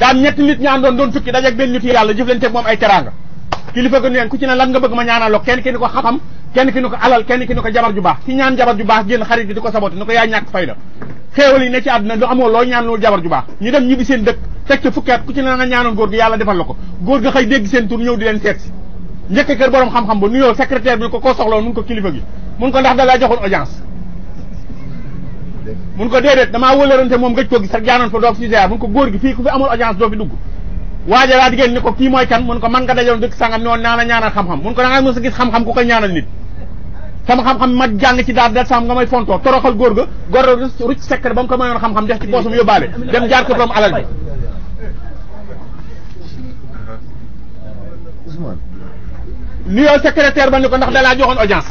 daan ñetti nit ñaan doon doon tukki dajeeg benn nitu yàlla jëflanteeg moom ay teraanga kilifa gën leen ku ci ne lan nga bëgg ma ñaanaloo kenn ki ni ko xam-xam kenn ki ni ko alal kenn ki ni ko jabar ju baax ki ñaan jabar ju baax génn xarit bi di ko saboté ni ko yaa ñàkk fayda xéewal yi ne ci àdduna du amoo loo ñaan loolu jabar ju baax ñu dem ñibbi seen dëkk teg ca fukki ku ci ne nga ñaanoon góor gi yàlla defal la ko góor ga xëy dégg seen ba nuyoo secrétaire bi ko koo soxloo mun ko kilifa gi mun ko mun ko déedéet damaa wëlërante moom gëj ko gis rek jaanoon fa doog suñu mun ko góor gi fii ku fi amul audience doo fi dugg laa diggéen ni ko kii mooy kan mun ko man nga dajaloon dëkk sangam noonu naa la ñaanal xam-xam mun ko da nga mos a gis xam-xam ku koy ñaanal nit sama xam-xam ma jàng ci daal dal sam ga may fontoo toroxal góor ga góor rucc secret ba mu ko mayoon xam-xam def ci poosum yóbbaale dem jaar ko borom alal bi ba ni ko ndax dalaa joxoon audience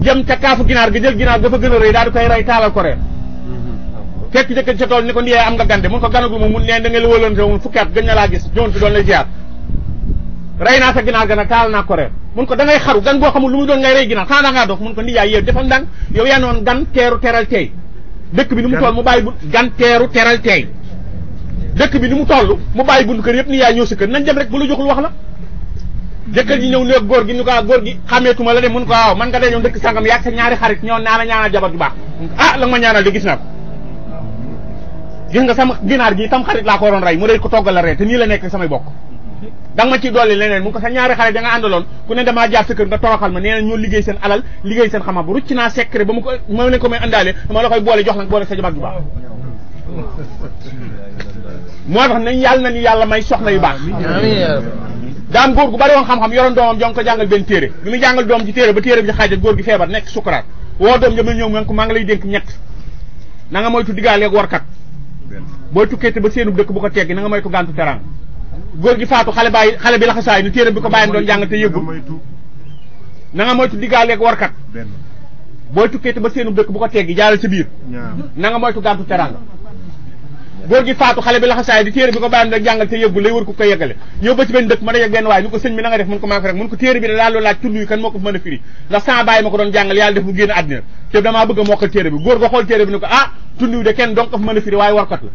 jëm ca kaafu ginaar gi jël ginaar dafa gën a rëy daal di koy rey taalal ko reer fekk jëkkër ca tool ni ko ndiyee am nga gande mun ko ganagu ma mun neen da nga la wëlante mun fukki at gën na laa gis ñëwoon fi doon lay ga nag taal naa ko reer mun ko da ngay xaru gan boo xamul lu mu doon ngay rey ginaar xanaa da ngaa dox mun ko ndiyaay yow defal noon gan teeru teral dëkk bi ni mu toll mu bàyyi bu gan teral tey dëkk bi ni mu toll mu bàyyi bunt kër yëpp ni yaay ñëw si kër nañ dem rek bu lu joxul wax la jëkkër ji ñëw néeg gor gi ñu ko góor gi xameetuma la de mun ko waaw man nga dañoo dëkk sangam yaag sa ñaari xarit ñoo naala ñaana jabar ju baax ah la nga ma ñaanal de gis na gis nga sama dinar gi tam xarit la ko ron ray mu reey ko togal la ree te ni la nekk sama bokk da nga ma ciy dolli leneen mun ko sa ñaari xarit da ya nga andalon ku ne dama jaar sa kër nga toroxal ma neena ñoo liggéey seen alal liggéey seen xama bu ruccina secret ba mu ko ma ne ko may andaale dama la koy boole jox la boole sa jabar ju baax mo tax nañ yalla nañu yalla may soxna yu baax daan góor gu bari xam-xam yoroon doomam jongi ko jàngal benn téere bi muy jàngal doom ci téere ba téere bi ci góor gi feebar nekk sukaraat woo doom jëm ñëw nga ko maa ngi lay dénk ñett na nga moytu diggaaleeg warkat booy tukkee te ba seenub dëkk bu ko teggi na nga moytu gàntu teraan góor gi faatu xale bàyyi xale bi laxasaay ni téere bi ko bàyyam doon jàng te yëgul na nga moytu diggaaleeg warkat booy tukkee te ba seenub dëkk bu ko teggi jaaral sa biir nanga moytu gàntu teraan góor gi faatu xale bi la xassay di téré bi ko baam da jàngal te yëggu lay wër ku ko yeggale ñëw ba ci ben dëkk mën a yegg benn waay ñu ko sëñ mi na nga def mën ko maa rek mën ko téré bi la daal laaj tuddu yi kan moko mëna firi la sa bàyyi mako ko doon jàngal yàlla def mu génn adina te dama bëgg mo xal téré bi góor go xol téré bi ne ko ah tuddu de kenn donc ko mën a firi waaye warkat la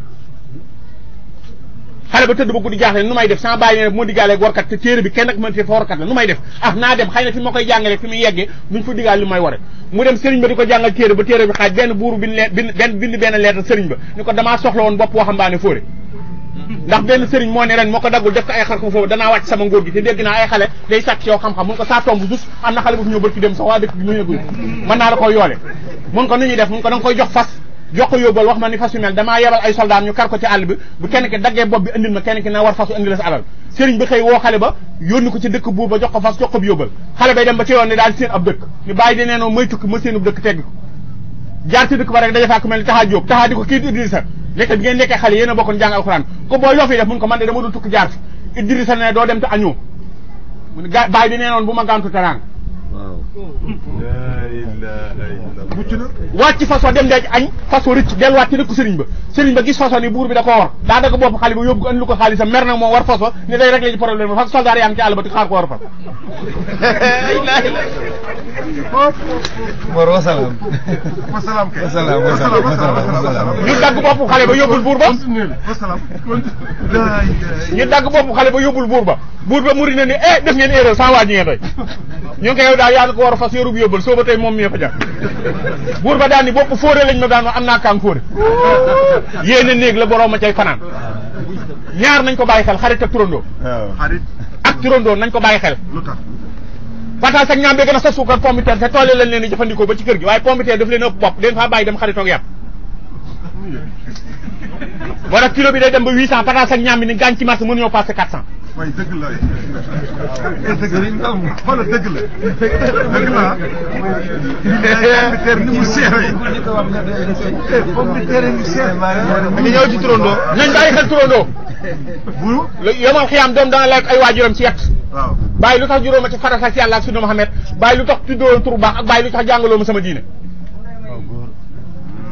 xale ba tëdd ba guddi jaaxle nu may def sama bàyyi ne moo diggaaleeg warkat te téere bi kenn ak mën fi fa warkat la nu may def ah naa dem xëy na fi ma koy jàngale fi muy yegge buñ fu diggaal li may ware mu dem sëriñ ba di ko jàngal téere ba téere bi xaaj benn buuru bind leen bind benn bind benn lettre sëriñ ba ni ko damaa soxla woon bopp waxambaane fóore ndax benn sëriñ moo ne ren moo ko daggul def ko ay xar ko foofu danaa wàcc sama ngóor gi te dégg naa ay xale day sàcc yow xam-xam mun ko saa tomb sus am na xale bu fi ñëw bët ki dem sax waa dëkk bi ñu yëgul mën naa la ko yoole mun ko nu ñuy def mun ko da koy jox fas joko yobol wax ma ni fas mel dama yebal ay soldat ñu kar ko ci àll bi bu kenn ki dagge bob bi andil ma kenn ki na war fasu andil la sa alal serigne bi xëy wo xale ba yónni ko ci dëkk bu ba jox ko fas jox ko yóbbal xale bay dem ba ci yoon ni daal seen ab dëkk ni bay di neeno may tukki ma seenu dëkk tegg jaar ci dëkk ba rek daje ko mel ni jog jóob taxaa di ko kii di Idrissa lekk bi ngeen nekkee xale yeena bokkon jàng alquran ko bo yofi def mun ko man de dama do tukki jaar fi Idrissa ne do dem ta añoo mu ne bàyyi bi bu ma gàntu tarang wàcc façon dem deej añ façon rëcc delluwaat ci dëkku sëriñ ba sëriñ ba gis façon ni buur bi da koo war daa dagg bopp xale ba yóbbu ko andi lu ko xaalisam mer nag moom war façon ni day réglé ci problème ba fas soldaar yaa ngi ci àll ba di xaar ko war fa ñu dagg bopp xale ba yóbbul buur ñu dagg bopp xale ba yóbbul buur ba buur ba muri ni eh def ngeen erreur sans waa ngeen doy ñu ngi daal yaa ko woor fas yorub yóbbal soo ba moom mee ko buur ba daan ni bopp fóore lañ ma daan ma am naa kaam fóore yéene néeg la borom ma cay fanaan ñaar nañ ko bàyyi xel xarit ak turandoo xarit ak turandoo nañ ko bàyyi xel lu tax pataas ak ñaam bee gën a sa suukar pombiteer te toole lañ leen di jëfandikoo ba ci kër gi waaye pombiteer daf leen ëpp bopp den faa bàyyi dem xaritoog yàpp wala kilo bi day dem ba 800 pataas ak ñam ni gaañ ci marché ñoo passé 400 way deug la dëgg la wala deug la deug la ni mu seere pomme de ter ni seere ngi ñëw ci trondo nañ bay xal trondo bu yama xiyam doom da la ay wajuram ci yett waaw bàyyi lu tax juróoma ci farata ci yàlla ak sunna bay lu tax tuddoo tur baax ak bay lu tax jangalo ma sama diine waaw góor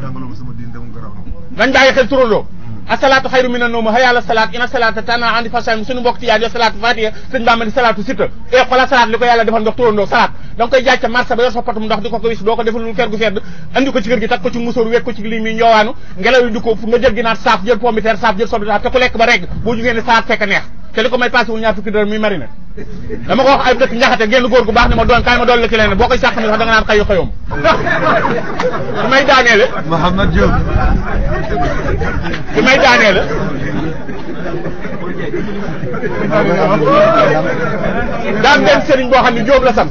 jàngaloo ma sama diine dem nga lañ nañ bàyyi xel turandoo asalaatu xayru mina nawmi hayya ala salaat ina salaata tanhaa ani fahsaa'i suñu mbokk tijaan yo salaatu fatiha sëñ Bamba ni salaatu sitta e xoolal salaat li ko yàlla defal ndox turandoo salaat da koy jaaj ca marché ba yor sa ndox di ko ko wis doo ko defal lu fer gu sedd andi ko ci kër gi takk ko ci musóor wekk ko ci lii mi ñoowaanu ngelaw di ko nga jël ginaar saaf jël pomme saaf jël soble saaf te ku lekk ba regg boo jugee ne dama ko wax ay dëkk njaxate génn góor gu baax ni ma doon kay ma doon la ci leneen boo sax ni mi wax da nga naan xeyu xeyum su may daanele Mouhamad Diop su may daanele daal benn sëriñ boo xam ne Jóob la san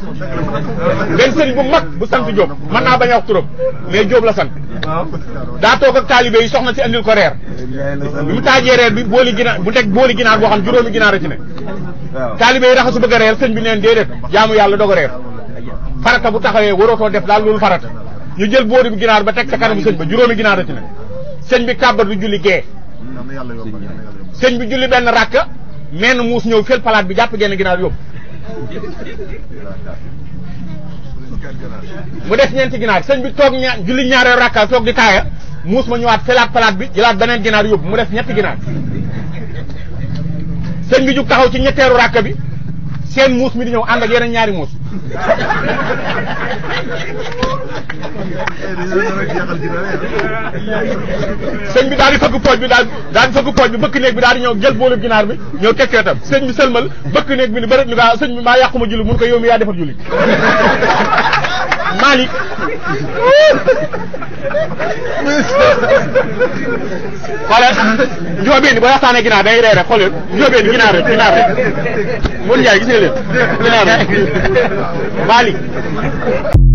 benn sëriñ bu mag bu sant Jóob mën naa bañ a wax turam mais Jóob la sant daa toog ak taalibe yi soxna si andil ko reer bi mu taajee reer bi booli ginaar bu teg booli ginaar boo xam juróomi ginaar a ci ne taalibe yi raxasu bëgg a reer sëñ bi neen déedéet jaamu yàlla doog a reer farata bu taxawee warootoo def daal loolu farata ñu jël boori bu ginaar ba teg sa kanamu sëñ ba juróomi ginaar a ci ne sëñ bi kàbbar du julli gee sëñ bi julli benn rakk menn muus ñëw palaat bi jàpp genn ginaar yóbbu mu des ñeenti ginaar sëñ bi toog ña julli ñaareel rakka toog di taaya muus ma ñëwaat felaat palaat bi jëlaat beneen ginaar yóbbu mu des ñetti ginaar sëñ bi jug taxaw ci ñetteeru rakka bi seen muus mi di ñëw ànd ak yeneen ñaari muus. sëñ bi daal fëgg pooj bi daal daal di fëgg pooj bi bëkk néeg bi daal di ñëw jël boolub ginaar bi ñëw teg tam sëñ bi sëlmal bëkk néeg bi ni bëri ni ko sëñ bi maa yàquma julli mun ko yow mi yaa defar julli Malick xoolal njóobeen boo waxtaanee ginaar day rey rek xoolal njóobeen ginaar